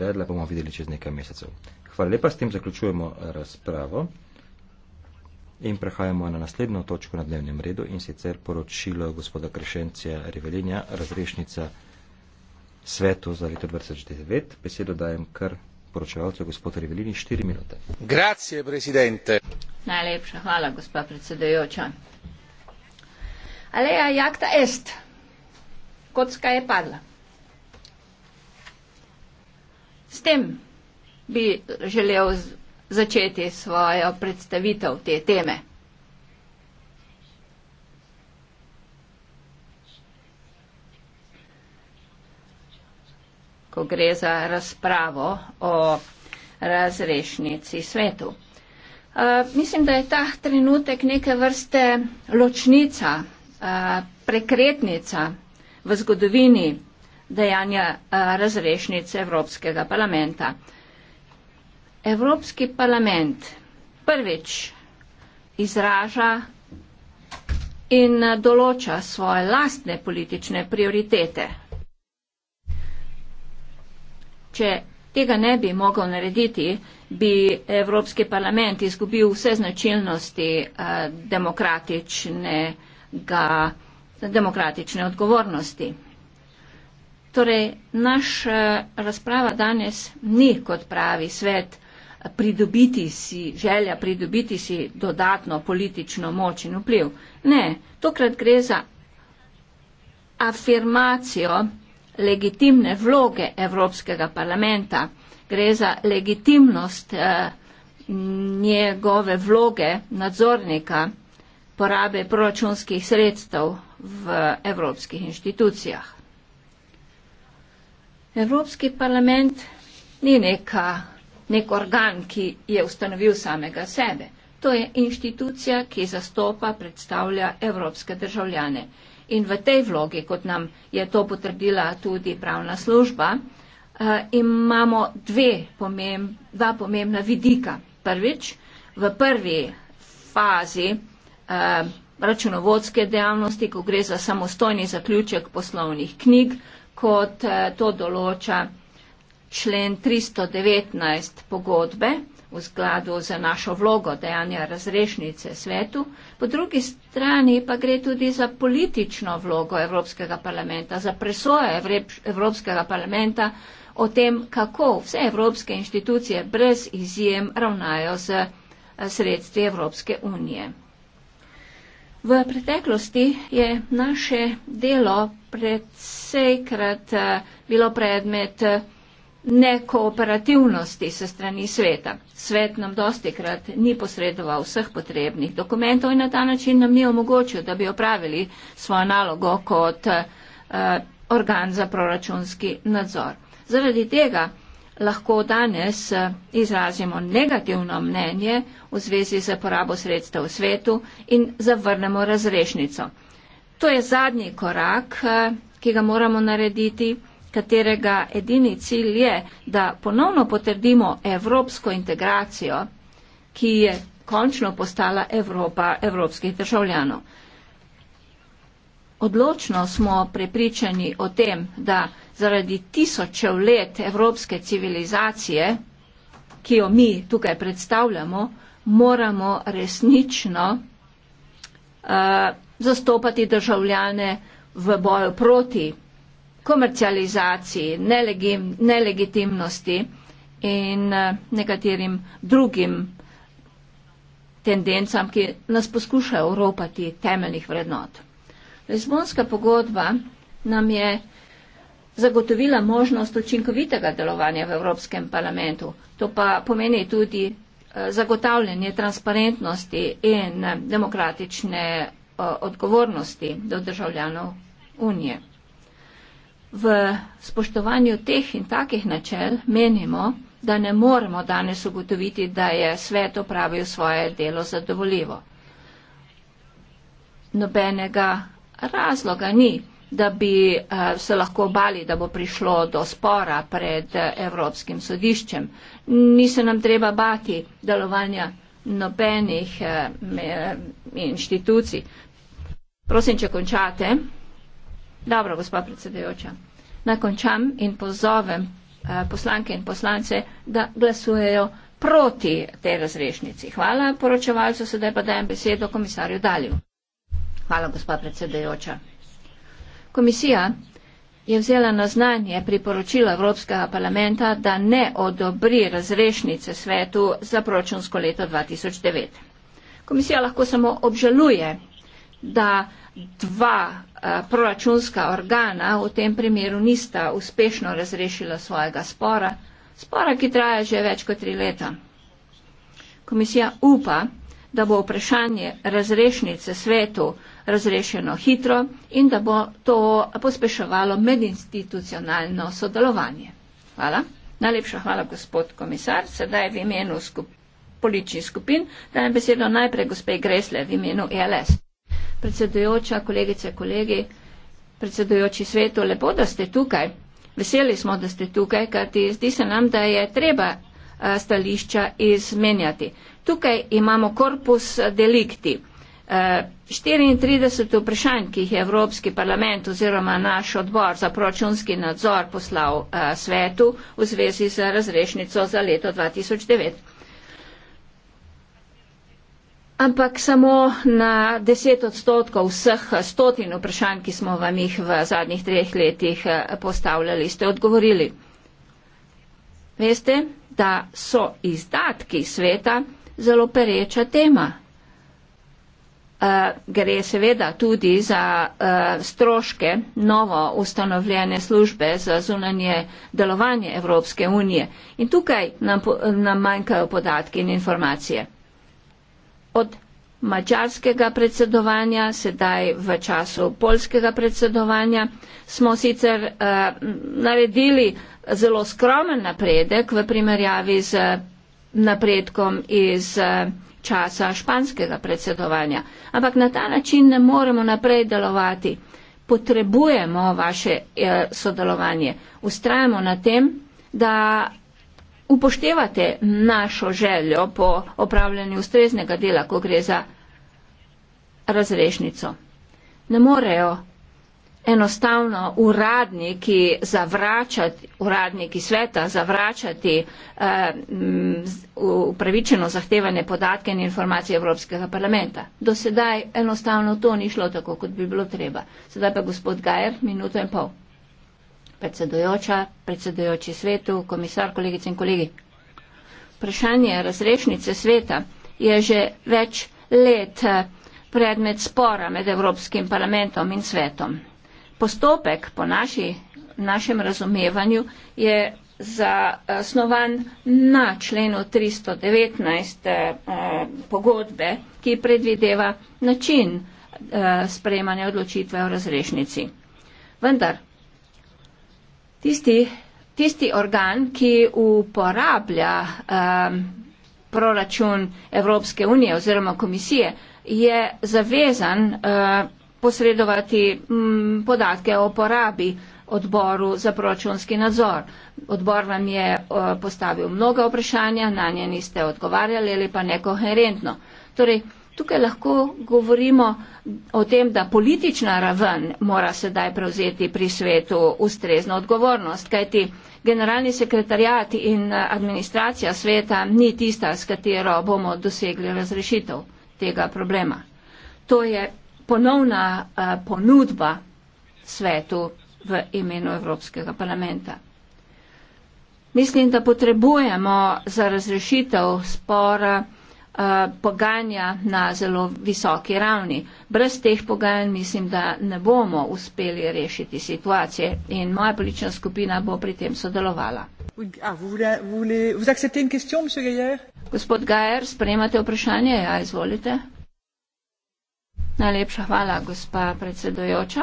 izvedla, bomo videli čez nekaj mesecev. Hvala lepa, s tem zaključujemo razpravo in prehajamo na naslednjo točko na dnevnem redu in sicer poročilo gospoda Krešencija Revelinja, razrešnica svetu za leto 2009. Besedo dajem kar poročevalcu gospodu Revelini 4 minute. Grazie, presidente. Najlepša hvala, gospa predsedajoča. Aleja jakta est. Kocka je padla. S tem bi želel začeti svojo predstavitev te teme. Ko gre za razpravo o razrešnici svetu. Uh, mislim, da je ta trenutek neke vrste ločnica, uh, prekretnica v zgodovini dejanja eh, razrešnic Evropskega parlamenta. Evropski parlament prvič izraža in eh, določa svoje lastne politične prioritete. Če tega ne bi mogel narediti, bi Evropski parlament izgubil vse značilnosti eh, demokratičnega, demokratične odgovornosti. Torej, naša eh, razprava danes ni kot pravi svet pridobiti si, želja pridobiti si dodatno politično moč in vpliv. Ne, tokrat gre za afirmacijo legitimne vloge Evropskega parlamenta. Gre za legitimnost eh, njegove vloge nadzornika porabe proračunskih sredstev v evropskih inštitucijah. Evropski parlament ni neka, nek organ, ki je ustanovil samega sebe. To je inštitucija, ki zastopa, predstavlja evropske državljane. In v tej vlogi, kot nam je to potrdila tudi pravna služba, eh, imamo dve pomemb, dva pomembna vidika. Prvič, v prvi fazi eh, računovodske dejavnosti, ko gre za samostojni zaključek poslovnih knjig, kot eh, to določa člen 319 pogodbe v skladu za našo vlogo dejanja razrešnice svetu. Po drugi strani pa gre tudi za politično vlogo Evropskega parlamenta, za presojo Evropskega parlamenta o tem, kako vse evropske inštitucije brez izjem ravnajo z eh, sredstvi Evropske unije. V preteklosti je naše delo predsejkrat eh, bilo predmet eh, nekooperativnosti se strani sveta. Svet nam dosti krat ni posredoval vseh potrebnih dokumentov in na ta način nam ni omogočil, da bi opravili svojo nalogo kot uh, organ za proračunski nadzor. Zaradi tega lahko danes eh, izrazimo negativno mnenje v zvezi z porabo sredstev v svetu in zavrnemo razrešnico. To je zadnji korak, eh, ki ga moramo narediti, katerega edini cilj je, da ponovno potrdimo evropsko integracijo, ki je končno postala Evropa evropskih državljanov. Odločno smo prepričani o tem, da zaradi tisočev let evropske civilizacije, ki jo mi tukaj predstavljamo, moramo resnično uh, zastopati državljane v boju proti komercializaciji, nelegi, nelegitimnosti in uh, nekaterim drugim tendencam, ki nas poskušajo ropati temeljnih vrednot. Lizbonska pogodba nam je zagotovila možnost učinkovitega delovanja v Evropskem parlamentu. To pa pomeni tudi eh, zagotavljanje transparentnosti in eh, demokratične eh, odgovornosti do državljanov Unije. V spoštovanju teh in takih načel menimo, da ne moremo danes ugotoviti, da je svet opravil svoje delo zadovoljivo. Nobenega razloga ni, da bi eh, se lahko bali, da bo prišlo do spora pred eh, Evropskim sodiščem. Ni se nam treba bati delovanja nobenih eh, inštitucij. Prosim, če končate. Dobro, gospod predsedujoča. Nakončam in pozovem poslanke in poslance, da glasujejo proti tej razrešnici. Hvala poročevalcu, sedaj pa dajem besedo komisarju Dalju. Hvala, gospod predsedujoča. Komisija je vzela na znanje priporočila Evropskega parlamenta, da ne odobri razrešnice svetu za proračunsko leto 2009. Komisija lahko samo obžaluje, da dva eh, proračunska organa v tem primeru nista uspešno razrešila svojega spora, spora, ki traja že več kot tri leta. Komisija upa, da bo vprašanje razrešnice svetu razrešeno hitro in da bo to pospeševalo medinstitucionalno sodelovanje. Hvala. Najlepša hvala, gospod komisar. Sedaj v imenu skup političnih skupin dajem besedo najprej gospe Gresle v imenu ELS. Predsedujoča, kolegice, kolegi, predsedujoči svetu, lepo, da ste tukaj. Veseli smo, da ste tukaj, kajti zdi se nam, da je treba eh, stališča izmenjati. Tukaj imamo korpus delikti. 34 eh, vprašanj, ki jih je Evropski parlament oziroma naš odbor za proračunski nadzor poslal eh, svetu v zvezi z razrešnico za leto 2009. Ampak samo na 10 odstotkov vseh stotin vprašanj, ki smo vam jih v zadnjih treh letih eh, postavljali, ste odgovorili. Veste, da so izdatki sveta zelo pereča tema Eh, gre seveda tudi za eh, stroške novo ustanovljene službe za zunanje delovanje Evropske unije. In tukaj nam, nam manjkajo podatki in informacije. Od mačarskega predsedovanja, sedaj v času polskega predsedovanja, smo sicer eh, naredili zelo skromen napredek v primerjavi z napredkom iz a, časa španskega predsedovanja. Ampak na ta način ne moremo naprej delovati. Potrebujemo vaše eh, sodelovanje. Ustrajamo na tem, da upoštevate našo željo po opravljanju ustreznega dela, ko gre za razrešnico. Ne morejo enostavno uradniki zavračati, uradniki sveta zavračati uh, upravičeno zahtevane podatke in informacije Evropskega parlamenta. Do sedaj enostavno to ni šlo tako, kot bi bilo treba. Sedaj pa gospod Gajer, minuto in pol. Predsedujoča, predsedujoči svetu, komisar, kolegice in kolegi. Vprašanje razrešnice sveta je že več let eh, predmet spora med Evropskim parlamentom in svetom postopek po naši, našem razumevanju je zasnovan na členu 319 eh, pogodbe, ki predvideva način eh, sprejemanja odločitve o razrešnici. Vendar tisti, tisti organ, ki uporablja eh, proračun Evropske unije oziroma komisije, je zavezan posredovati m, mm, podatke o porabi odboru za proračunski nadzor. Odbor vam je o, eh, postavil mnoga vprašanja, na nje niste odgovarjali ali pa nekoherentno. Torej, tukaj lahko govorimo o tem, da politična raven mora sedaj prevzeti pri svetu ustrezno odgovornost, kajti generalni sekretarjat in eh, administracija sveta ni tista, s katero bomo dosegli razrešitev tega problema. To je ponovna uh, ponudba svetu v imenu Evropskega parlamenta. Mislim, da potrebujemo za razrešitev spora uh, pogajanja na zelo visoki ravni. Brez teh pogajanj mislim, da ne bomo uspeli rešiti situacije in moja politična skupina bo pri tem sodelovala. Ah, Gospod Gajer, spremate vprašanje? Ja, izvolite. Najlepša hvala, gospa predsedojoča.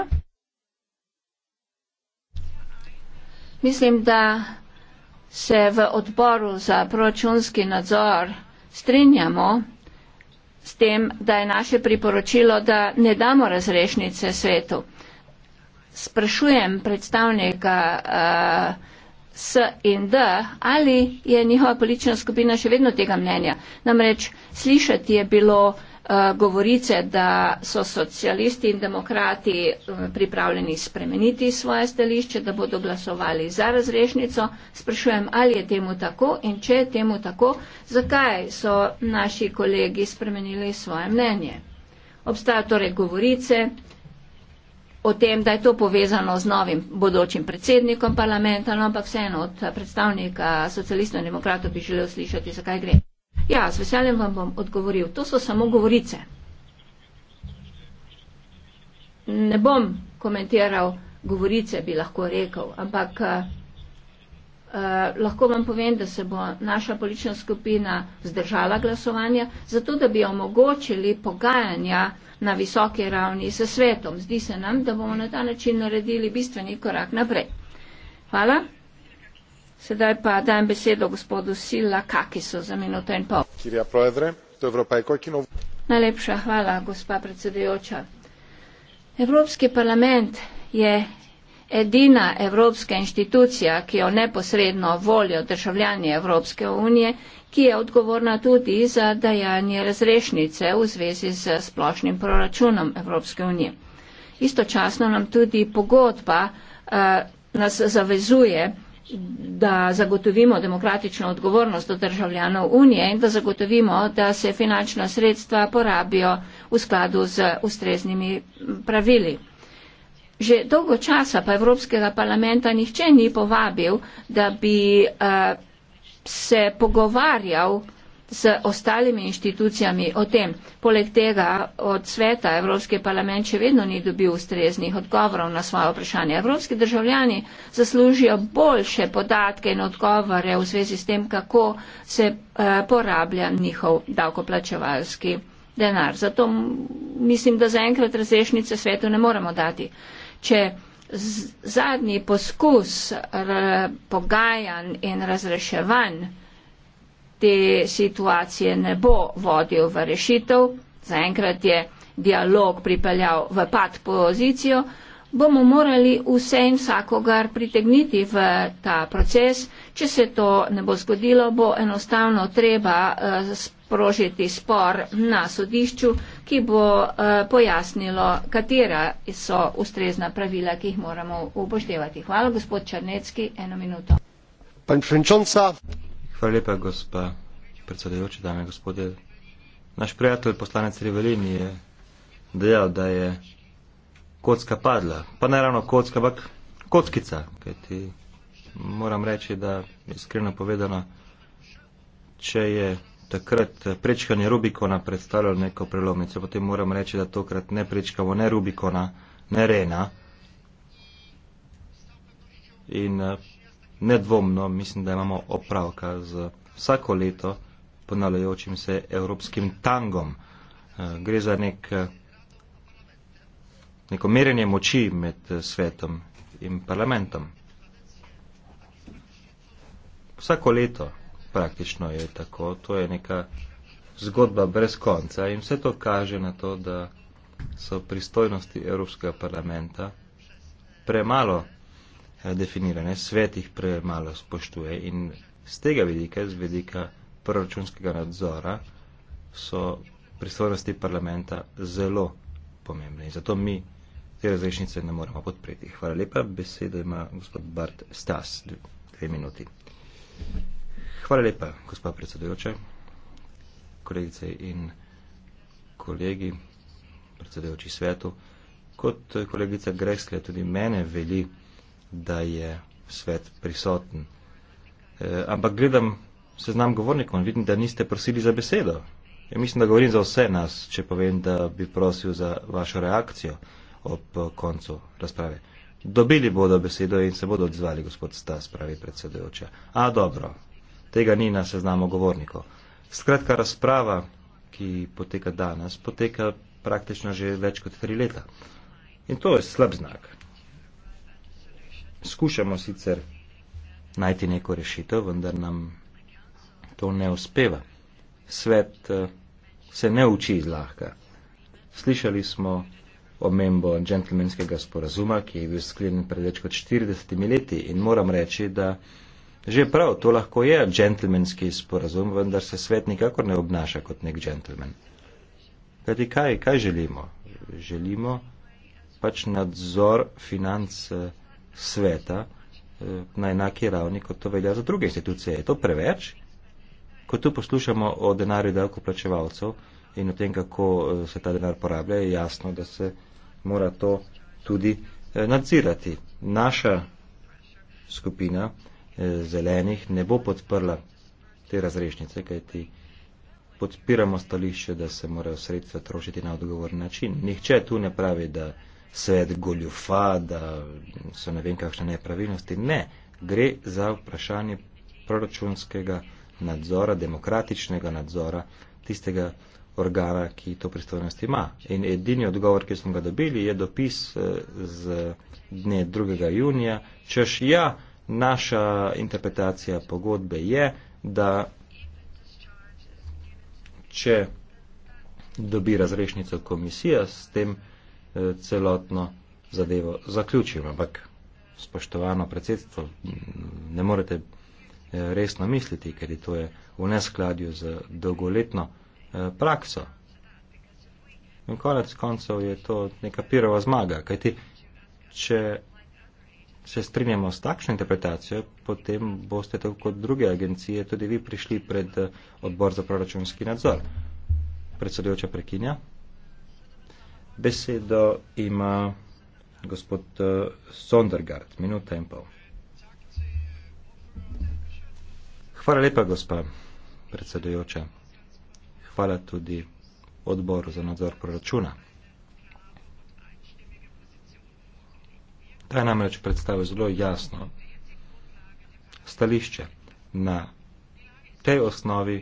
Mislim, da se v odboru za proračunski nadzor strinjamo s tem, da je naše priporočilo, da ne damo razrešnice svetu. Sprašujem predstavnika uh, S in D, ali je njihova politična skupina še vedno tega mnenja. Namreč slišati je bilo, uh, Eh, govorice, da so socialisti in demokrati eh, pripravljeni spremeniti svoje stališče, da bodo glasovali za razrešnico. Sprašujem, ali je temu tako in če je temu tako, zakaj so naši kolegi spremenili svoje mnenje. Obstaja torej govorice o tem, da je to povezano z novim bodočim predsednikom parlamenta, no, ampak vseeno od predstavnika socialistov in demokratov bi želel slišati, zakaj gre. Ja, z veseljem vam bom odgovoril. To so samo govorice. Ne bom komentiral govorice, bi lahko rekel, ampak uh, lahko vam povem, da se bo naša politična skupina zdržala glasovanja, zato da bi omogočili pogajanja na visoki ravni s svetom. Zdi se nam, da bomo na ta način naredili bistveni korak naprej. Hvala. Sedaj pa dajem besedo gospodu Sila Kakiso za minuto in pol. Najlepša hvala, gospa predsedujoča. Evropski parlament je edina evropska inštitucija, ki jo neposredno volijo državljani Evropske unije, ki je odgovorna tudi za dajanje razrešnice v zvezi z splošnim proračunom Evropske unije. Istočasno nam tudi pogodba uh, nas zavezuje, da zagotovimo demokratično odgovornost do državljanov Unije in da zagotovimo, da se finančna sredstva porabijo v skladu z ustreznimi pravili. Že dolgo časa pa Evropskega parlamenta nihče ni povabil, da bi uh, se pogovarjal s ostalimi inštitucijami o tem. Poleg tega od sveta Evropski parlament še vedno ni dobil ustreznih odgovorov na svoje vprašanje. Evropski državljani zaslužijo boljše podatke in odgovore v zvezi s tem, kako se eh, porablja njihov davkoplačevalski denar. Zato mislim, da zaenkrat razrešnice svetu ne moremo dati. Če zadnji poskus pogajanj in razreševanj te situacije ne bo vodil v rešitev, zaenkrat je dialog pripeljal v pad pozicijo, bomo morali vse in vsakogar pritegniti v ta proces. Če se to ne bo zgodilo, bo enostavno treba eh, sprožiti spor na sodišču, ki bo eh, pojasnilo, katera so ustrezna pravila, ki jih moramo upoštevati. Hvala, gospod Črnecki, eno minuto. Pani predsednica. Hvala lepa, gospa predsedujoča, dame in gospodje. Naš prijatelj, poslanec Rivelin, je dejal, da je kocka padla. Pa ne ravno kocka, ampak kockica. Kajti moram reči, da iskreno povedano, če je takrat prečkanje Rubikona predstavljalo neko prelomnico, potem moram reči, da tokrat ne prečkamo ne Rubikona, ne Rena. In nedvomno mislim, da imamo opravka z vsako leto ponavljajočim se evropskim tangom. Eh, gre za nek, eh, neko merjenje moči med eh, svetom in parlamentom. Vsako leto praktično je tako, to je neka zgodba brez konca in vse to kaže na to, da so pristojnosti Evropskega parlamenta premalo Eh, definirane, svet jih premalo spoštuje in z tega vidika, z vidika proračunskega nadzora, so pristojnosti parlamenta zelo pomembne. Zato mi te različnice ne moremo podpreti. Hvala lepa. Besedo ima gospod Bart Stas, dve minuti. Hvala lepa, gospod predsedujoče, kolegice in kolegi, predsedujoči svetu. Kot kolegica Greskle tudi mene veli, da je svet prisoten. E, ampak gledam seznam govornikov in vidim, da niste prosili za besedo. Ja, mislim, da govorim za vse nas, če povem, da bi prosil za vašo reakcijo ob koncu razprave. Dobili bodo besedo in se bodo odzvali, gospod Stas, pravi predsedujoča. A dobro, tega ni na seznamu govornikov. Skratka, razprava, ki poteka danes, poteka praktično že več kot tri leta. In to je slab znak skušamo sicer najti neko rešitev, vendar nam to ne uspeva. Svet eh, se ne uči zlahka. Slišali smo omembo džentlmenskega sporazuma, ki je bil sklenjen pred več kot 40 leti in moram reči, da že prav to lahko je džentlmenski sporazum, vendar se svet nikakor ne obnaša kot nek džentlmen. Kajti kaj, kaj želimo? Želimo pač nadzor financ. Eh, sveta eh, na enaki ravni, kot to velja za druge institucije. Je to preveč? Ko tu poslušamo o denarju davkoplačevalcev in o tem, kako eh, se ta denar porablja, je jasno, da se mora to tudi eh, nadzirati. Naša skupina zelenih ne bo podprla te razrešnice, kajti podpiramo stališče, da se morajo sredstva trošiti na odgovoren način. Nihče tu ne pravi, da svet goljufa, da so ne vem kakšne nepravilnosti. Ne, gre za vprašanje proračunskega nadzora, demokratičnega nadzora tistega organa, ki to pristojnost ima. In edini odgovor, ki smo ga dobili, je dopis eh, z dne 2. junija, češ ja, naša interpretacija pogodbe je, da če dobi razrešnico komisija, s tem Eh, celotno zadevo zaključil. Ampak, spoštovano predsedstvo, ne morete eh, resno misliti, ker je to je v neskladju z dolgoletno eh, prakso. In konec koncev je to neka pirova zmaga, kajti če se strinjamo s takšno interpretacijo, potem boste tako kot druge agencije tudi vi prišli pred odbor za proračunski nadzor. Predsedujoča prekinja. Besedo ima gospod eh, Sondergaard, minuta in pol. Hvala lepa, gospa predsedujoča. Hvala tudi odboru za nadzor proračuna. Ta je namreč predstavil zelo jasno stališče. Na tej osnovi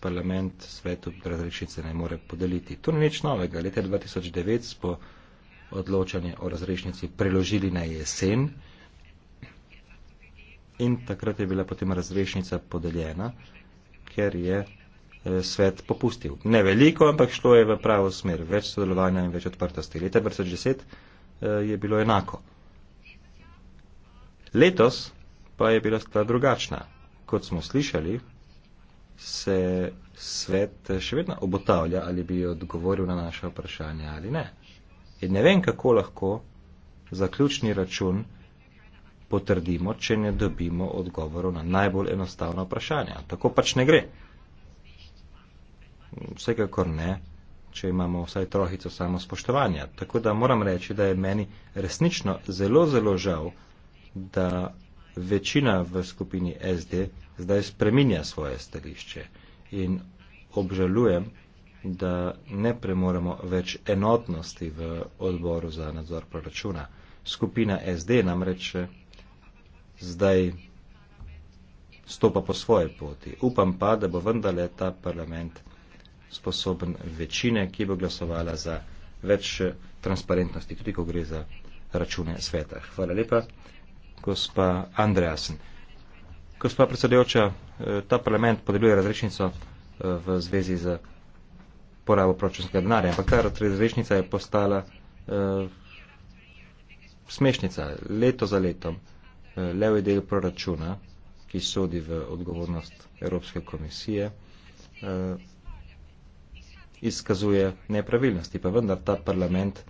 parlament svetu razrešnice ne more podeliti. To ni nič novega. Leta 2009 smo odločanje o razrešnici preložili na jesen in takrat je bila potem razrešnica podeljena, ker je eh, svet popustil. Ne veliko, ampak šlo je v pravo smer. Več sodelovanja in več odprtosti. Leta 2010 eh, je bilo enako. Letos pa je bila stvar drugačna. Kot smo slišali, se svet še vedno obotavlja, ali bi odgovoril na naše vprašanje ali ne. In ne vem, kako lahko zaključni račun potrdimo, če ne dobimo odgovorov na najbolj enostavna vprašanja. Tako pač ne gre. Vsekakor ne, če imamo vsaj trohico samo spoštovanja. Tako da moram reči, da je meni resnično zelo, zelo žal, da večina v skupini SD zdaj spreminja svoje stališče in obžalujem, da ne premoremo več enotnosti v odboru za nadzor proračuna. Skupina SD namreč eh, zdaj stopa po svoje poti. Upam pa, da bo vendarle ta parlament sposoben večine, ki bo glasovala za več eh, transparentnosti, tudi ko gre za račune sveta. Hvala lepa gospa Andreasen. Gospa predsedujoča, eh, ta parlament podeljuje razrešnico eh, v zvezi z porabo pročenskega denarja, ampak ta razrešnica je postala uh, smešnica leto za letom. Uh, levi del proračuna, ki sodi v odgovornost Evropske komisije, uh, izkazuje nepravilnosti, pa vendar ta parlament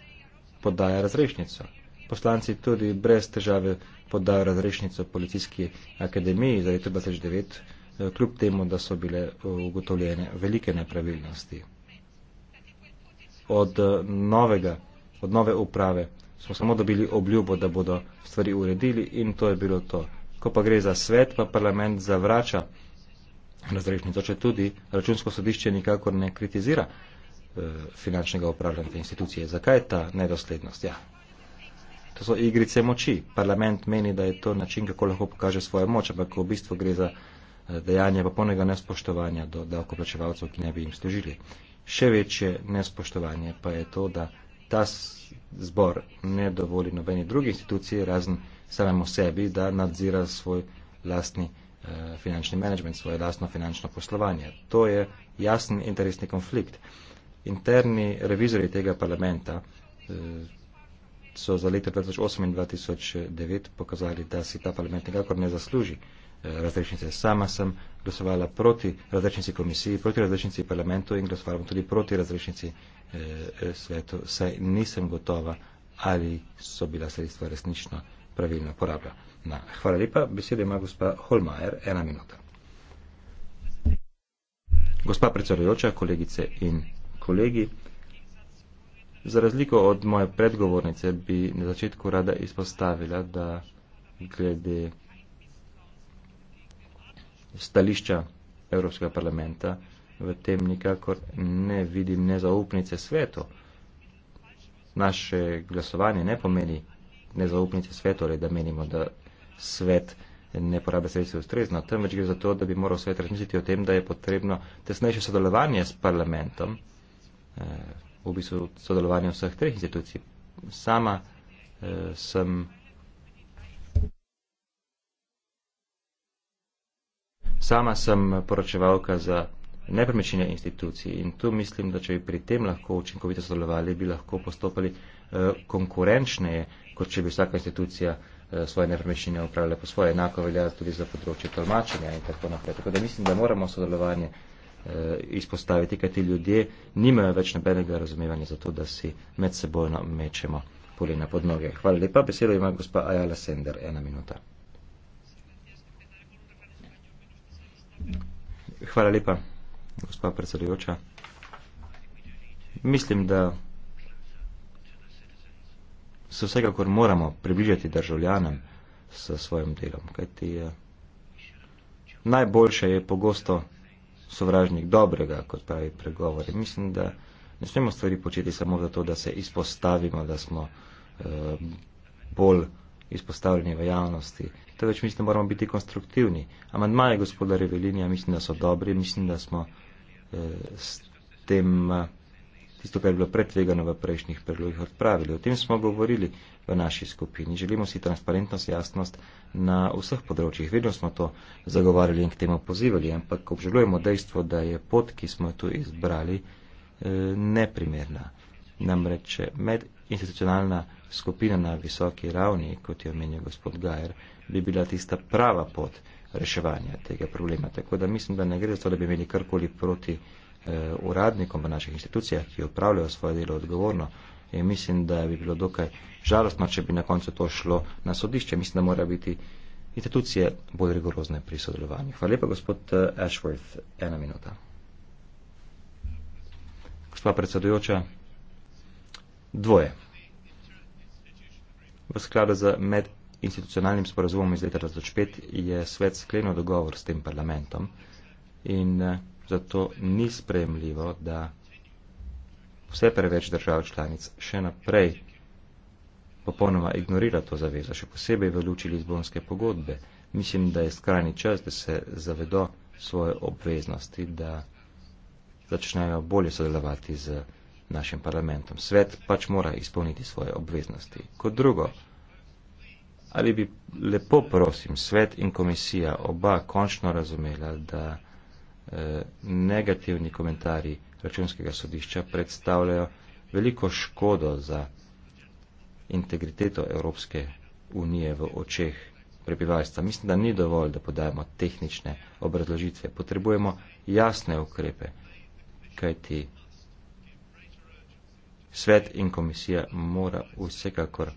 podaja razrešnico. Poslanci tudi brez težave podal razrešnico policijski akademiji za leto 2009, eh, kljub temu, da so bile eh, ugotovljene velike nepravilnosti. Od, eh, novega, od nove uprave smo samo dobili obljubo, da bodo stvari uredili in to je bilo to. Ko pa gre za svet, pa parlament zavrača razrešnico, če tudi računsko sodišče nikakor ne kritizira finančnega upravljanja institucije. Zakaj je ta nedoslednost? Ja, To so igrice moči. Parlament meni, da je to način, kako lahko pokaže svojo moč, ampak v bistvu gre za eh, dejanje popolnega nespoštovanja do davkoplačevalcev, ki ne bi jim služili. Še večje nespoštovanje pa je to, da ta zbor ne dovoli nobeni drugi instituciji, razen samemu sebi, da nadzira svoj lastni eh, finančni management, svoje lastno finančno poslovanje. To je jasen interesni konflikt. Interni revizori tega parlamenta, eh, so za leto 2008 in 2009 pokazali, da si ta parlament nekakor ne zasluži eh, razrešnice. Sama sem glasovala proti razrešnici komisiji, proti razrešnici parlamentu in glasovala tudi proti razrešnici eh, eh, svetu, saj nisem gotova, ali so bila sredstva resnično pravilno porabljena. Hvala lepa. Besede ima gospa Holmajer. Ena minuta. Gospa predsedujoča, kolegice in kolegi. Za razliko od moje predgovornice bi na začetku rada izpostavila, da glede stališča Evropskega parlamenta v tem nikakor ne vidim nezaupnice svetu. Naše glasovanje ne pomeni nezaupnice svetu ali da menimo, da svet ne porabe sredstva ustrezno, temveč gre za to, da bi moral svet razmisliti o tem, da je potrebno tesnejše sodelovanje s parlamentom. Eh, v bistvu sodelovanje vseh treh institucij. Sama eh, sem Sama sem poročevalka za nepremičnine institucij in tu mislim, da če bi pri tem lahko učinkovito sodelovali, bi lahko postopali eh, konkurenčneje, kot če bi vsaka institucija eh, svoje nepremičnine upravljala po svoje. Enako velja tudi za področje tolmačenja in tako naprej. Tako da mislim, da moramo sodelovanje eh, Eh, izpostaviti, kaj ti ljudje nimajo več nobenega razumevanja za to, da si med sebojno mečemo polena pod noge. Hvala lepa, besedo ima gospa Ajala Sender, ena minuta. Hvala lepa, gospa predsedujoča. Mislim, da se vsekakor moramo približati državljanem s svojim delom, kajti eh, najboljše je pogosto sovražnik dobrega, kot pravi pregovor. Mislim, da ne smemo stvari početi samo zato, da se izpostavimo, da smo eh, bolj izpostavljeni v javnosti. To več mislim, da moramo biti konstruktivni. Amandmaje gospoda Revelinija mislim, da so dobri, mislim, da smo eh, s tem. Eh, tisto, kar je bilo pretvegano v prejšnjih predlogih odpravili. O tem smo govorili v naši skupini. Želimo si transparentnost, jasnost na vseh področjih. Vedno smo to zagovarjali in k temu pozivali, ampak obžalujemo dejstvo, da je pot, ki smo jo tu izbrali, eh, neprimerna. Namreč medinstitucionalna skupina na visoki ravni, kot je omenil gospod Gajer, bi bila tista prava pot reševanja tega problema. Tako da mislim, da ne gre za to, da bi imeli karkoli proti eh, uradnikom v naših institucijah, ki upravljajo svoje delo odgovorno. In mislim, da bi bilo dokaj žalostno, če bi na koncu to šlo na sodišče. Mislim, da mora biti institucije bolj rigorozne pri sodelovanju. Hvala lepa, gospod eh, Ashworth. Ena minuta. Gospa predsedujoča, dvoje. V skladu z medinstitucionalnim sporazumom iz leta 2005 je svet sklenil dogovor s tem parlamentom in eh, Zato ni sprejemljivo, da vse preveč držav članic še naprej popolnoma ignorira to zavezo, še posebej v luči Lizbonske pogodbe. Mislim, da je skrajni čas, da se zavedo svoje obveznosti, da začnejo bolje sodelovati z našim parlamentom. Svet pač mora izpolniti svoje obveznosti. Kot drugo, ali bi lepo prosim svet in komisija oba končno razumela, da. Eh, negativni komentarji računskega sodišča predstavljajo veliko škodo za integriteto Evropske unije v očeh prebivalstva. Mislim, da ni dovolj, da podajamo tehnične obrazložitve. Potrebujemo jasne ukrepe, kajti svet in komisija mora vsekakor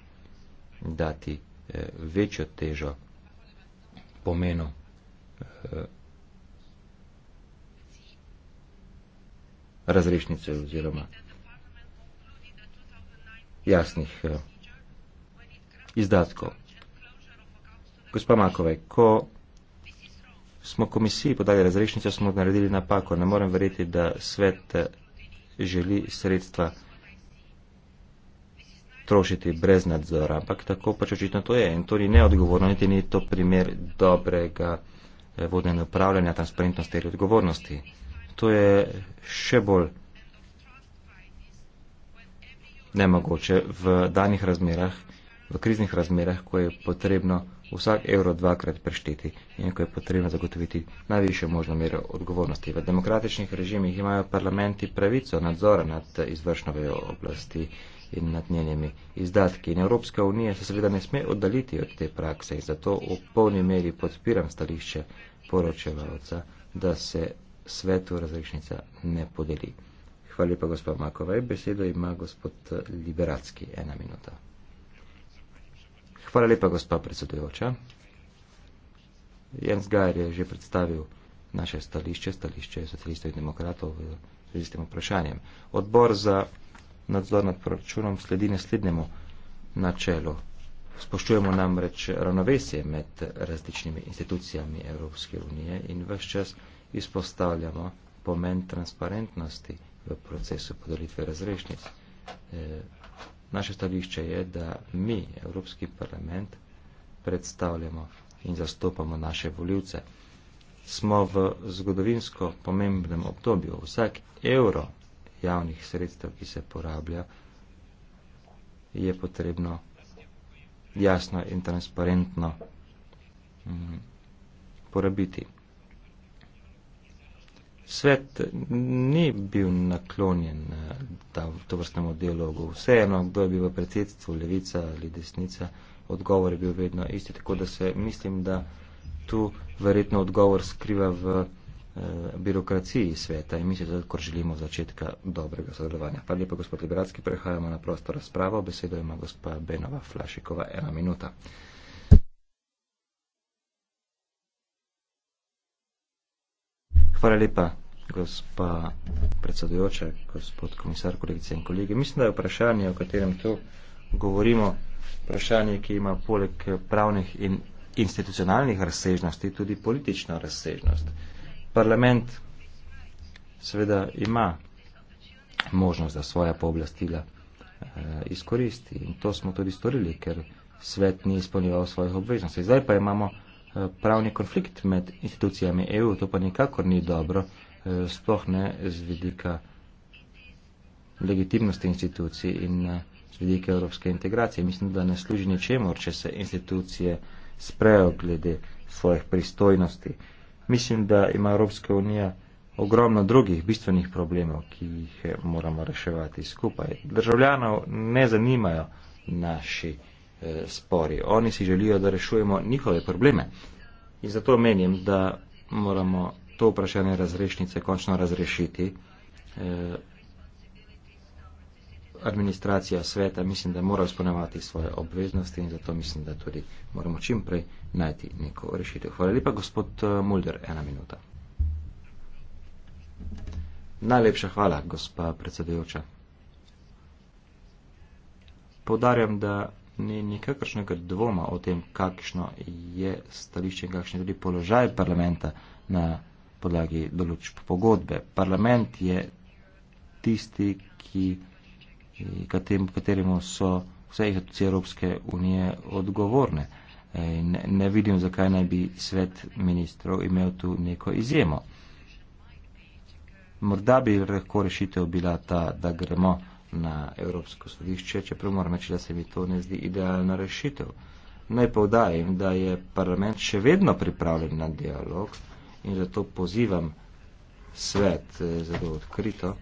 dati eh, večjo težo pomenu eh, razrešnice oziroma jasnih eh, izdatkov. Gospa Makove, ko smo komisiji podali razrešnico, smo naredili napako. Ne morem verjeti, da svet eh, želi sredstva trošiti brez nadzora, ampak tako pač očitno to je in to ni neodgovorno, niti ni to primer dobrega eh, vodenja upravljanja, transparentnosti ali odgovornosti to je še bolj nemogoče v danih razmerah, v kriznih razmerah, ko je potrebno vsak evro dvakrat prešteti in ko je potrebno zagotoviti najviše možno mero odgovornosti. V demokratičnih režimih imajo parlamenti pravico nadzora nad izvršno vejo oblasti in nad njenimi izdatki. In Evropska unija se seveda ne sme oddaliti od te prakse in zato v polni meri podpiram stališče poročevalca, da se svetu razrešnica ne podeli. Hvala lepa, gospod Makovej. Besedo ima gospod Liberacki. Ena minuta. Hvala lepa, gospod predsedujoča. Jens Gajer je že predstavil naše stališče, stališče socialistov in demokratov v zvezi s tem vprašanjem. Odbor za nadzor nad proračunom sledi naslednjemu načelu. Spoštujemo namreč ravnovesje med različnimi institucijami Evropske unije in vse čas izpostavljamo pomen transparentnosti v procesu podelitve razrešnic. E, naše stališče je, da mi, Evropski parlament, predstavljamo in zastopamo naše voljivce. Smo v zgodovinsko pomembnem obdobju. Vsak evro javnih sredstev, ki se porablja, je potrebno jasno in transparentno mm, porabiti svet ni bil naklonjen eh, ta, to vrstnemu dialogu. Vseeno, kdo je bil v predsedstvu, levica ali desnica, odgovor je bil vedno isti. Tako da se mislim, da tu verjetno odgovor skriva v eh, birokraciji sveta in mi se zato želimo začetka dobrega sodelovanja. Hvala lepa, gospod Liberacki, prehajamo na prosto razpravo. Besedo ima gospa Benova Flašikova, ena minuta. Hvala lepa, gospa predsedujoča, gospod komisar, kolegice in kolege. Mislim, da je vprašanje, o katerem tu govorimo, vprašanje, ki ima poleg pravnih in institucionalnih razsežnosti tudi politično razsežnost. Parlament seveda ima možnost, da svoja pooblastila eh, izkoristi in to smo tudi storili, ker svet ni izpolnjeval svojih obveznosti. Zdaj pa imamo pravni konflikt med institucijami EU, to pa nikakor ni dobro, eh, sploh ne z vidika legitimnosti institucij in eh, z vidika evropske integracije. Mislim, da ne služi ničemu, če se institucije sprejo glede svojih pristojnosti. Mislim, da ima Evropska unija ogromno drugih bistvenih problemov, ki jih eh, moramo reševati skupaj. Državljanov ne zanimajo naši. Eh, spori. Oni si želijo, da rešujemo njihove probleme. In zato menim, da moramo to vprašanje razrešnice končno razrešiti. Eh, administracija sveta mislim, da mora izpolnjevati svoje obveznosti in zato mislim, da tudi moramo čim prej najti neko rešitev. Hvala lepa, gospod eh, Mulder, ena minuta. Najlepša hvala, gospa predsedujoča. Podarjam, da ni nikakršnega dvoma o tem, kakšno je stališče in kakšen je tudi položaj parlamenta na podlagi določb pogodbe. Parlament je tisti, ki, katerim, kateremu so vse institucije Evropske unije odgovorne. Ne, ne vidim, zakaj naj bi svet ministrov imel tu neko izjemo. Morda bi lahko rešitev bila ta, da gremo na Evropsko sodišče, čeprav moram reči, da se mi to ne zdi idealna rešitev. Naj povdarim, da je parlament še vedno pripravljen na dialog in zato pozivam svet eh, zelo odkrito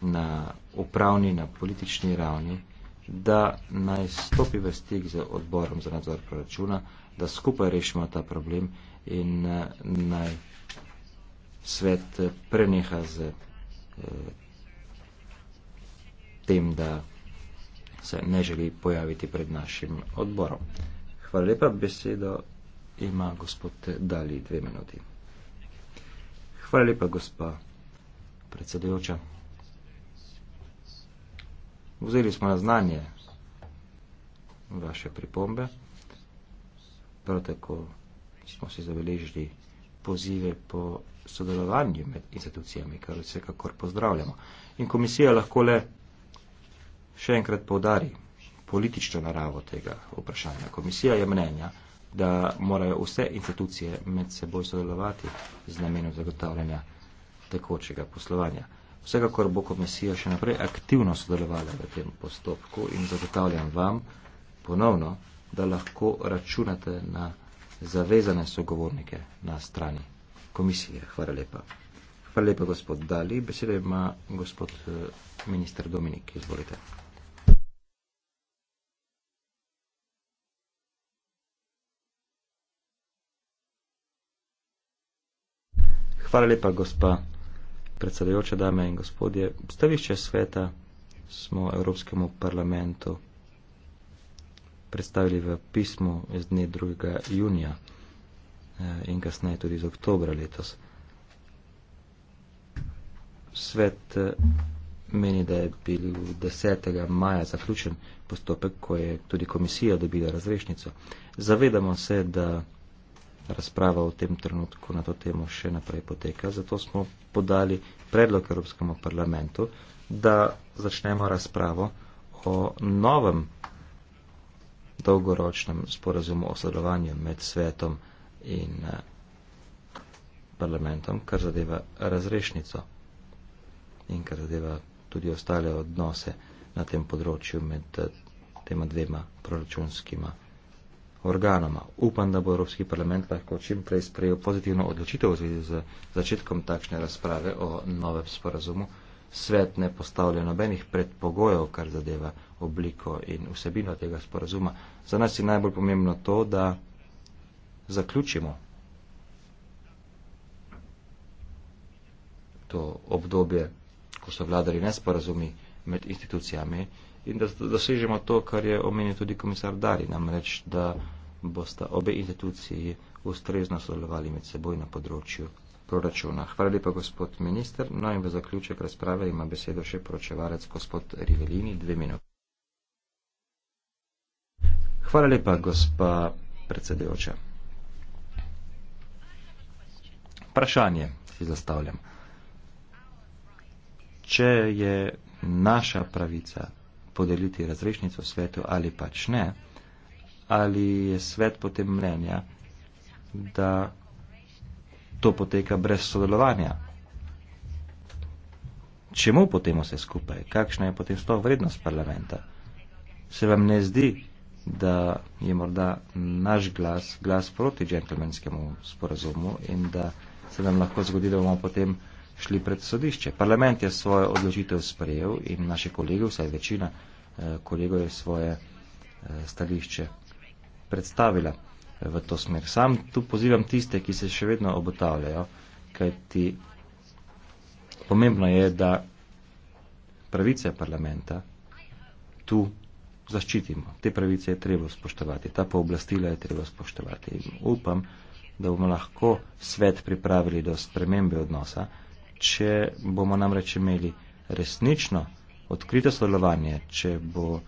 na upravni, na politični ravni, da naj stopi v stik z odborom za nadzor proračuna, da skupaj rešimo ta problem in eh, naj svet preneha z. Eh, tem, da se ne želi pojaviti pred našim odborom. Hvala lepa, besedo ima gospod Dali dve minuti. Hvala lepa, gospa predsedujoča. Vzeli smo na znanje vaše pripombe, prav tako smo si zabeležili pozive po sodelovanju med institucijami, kar vsekakor pozdravljamo. In komisija lahko le še enkrat povdari politično naravo tega vprašanja. Komisija je mnenja, da morajo vse institucije med seboj sodelovati z namenom zagotavljanja tekočega poslovanja. Vsekakor bo komisija še naprej aktivno sodelovala v tem postopku in zagotavljam vam ponovno, da lahko računate na zavezane sogovornike na strani komisije. Hvala lepa. Hvala lepa, gospod Dali. Besede ima gospod eh, minister Dominik. Izvolite. Hvala lepa, gospa predsedajoča dame in gospodje. Stališče sveta smo Evropskemu parlamentu predstavili v pismu iz dne 2. junija eh, in kasneje tudi iz oktobra letos. Svet eh, meni, da je bil 10. maja zaključen postopek, ko je tudi komisija dobila razrešnico. Zavedamo se, da razprava v tem trenutku na to temo še naprej poteka. Zato smo podali predlog Evropskemu parlamentu, da začnemo razpravo o novem dolgoročnem sporazumu o sodelovanju med svetom in eh, parlamentom, kar zadeva razrešnico in kar zadeva tudi ostale odnose na tem področju med eh, tema dvema proračunskima organoma. Upam, da bo Evropski parlament lahko čim prej sprejel pozitivno odločitev v zvezi z začetkom takšne razprave o novem sporazumu. Svet ne postavlja nobenih predpogojev, kar zadeva obliko in vsebino tega sporazuma. Za nas je najbolj pomembno to, da zaključimo to obdobje ko so vladali nesporazumi med institucijami in da dosežemo to, kar je omenil tudi komisar Dari, namreč, da bosta obe instituciji ustrezno sodelovali med seboj na področju proračuna. Hvala lepa, gospod minister. No in v zaključek razprave ima besedo še poročevalec gospod Rivelini, dve minute. Hvala lepa, gospa predsedujoča. Vprašanje si zastavljam če je naša pravica podeliti razrešnico svetu ali pač ne, ali je svet potem mnenja, da to poteka brez sodelovanja. Čemu potem vse skupaj? Kakšna je potem sploh vrednost parlamenta? Se vam ne zdi, da je morda naš glas glas proti džentlmenskemu sporazumu in da se nam lahko zgodi, da bomo potem šli pred sodišče. Parlament je svojo odložitev sprejel in naše kolege, vsaj večina eh, kolegov je svoje eh, stališče predstavila eh, v to smer. Sam tu pozivam tiste, ki se še vedno obotavljajo, kajti pomembno je, da pravice parlamenta tu zaščitimo. Te pravice je treba spoštovati, ta pooblastila je treba spoštovati. In upam, da bomo lahko svet pripravili do spremembe odnosa če bomo namreč imeli resnično odkrito sodelovanje, če bo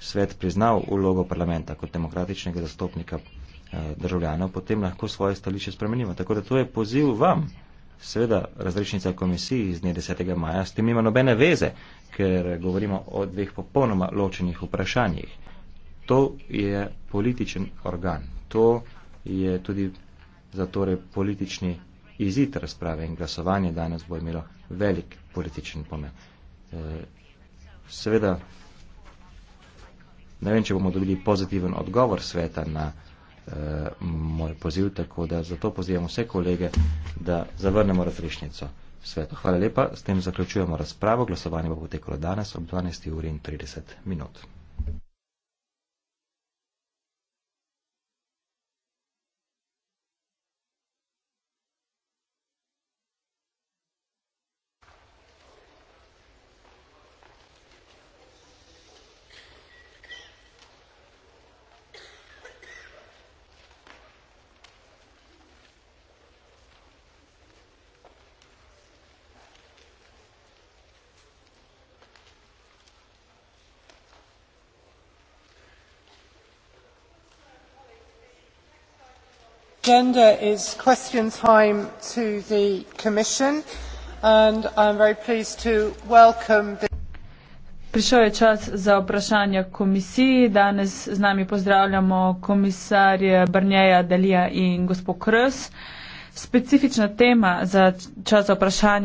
svet priznal ulogo parlamenta kot demokratičnega zastopnika eh, državljanov, potem lahko svoje stališče spremenimo. Tako da to je poziv vam, seveda razrešnica komisiji iz dne 10. maja, s tem ima nobene veze, ker govorimo o dveh popolnoma ločenih vprašanjih. To je političen organ, to je tudi zatorej politični organ izid razprave in glasovanje danes bo imelo velik političen pomen. Eh, seveda, ne vem, če bomo dobili pozitiven odgovor sveta na eh, moj poziv, tako da zato pozivamo vse kolege, da zavrnemo razrešnico svetu. Hvala lepa, s tem zaključujemo razpravo, glasovanje bo potekalo danes ob 12.30 minut. agenda is question time to the commission and i'm very pleased to welcome the Prišel je čas za vprašanja komisiji. Danes z nami pozdravljamo komisarje Brnjeja, Delija in gospod Krs. Specifična tema za čas za vprašanja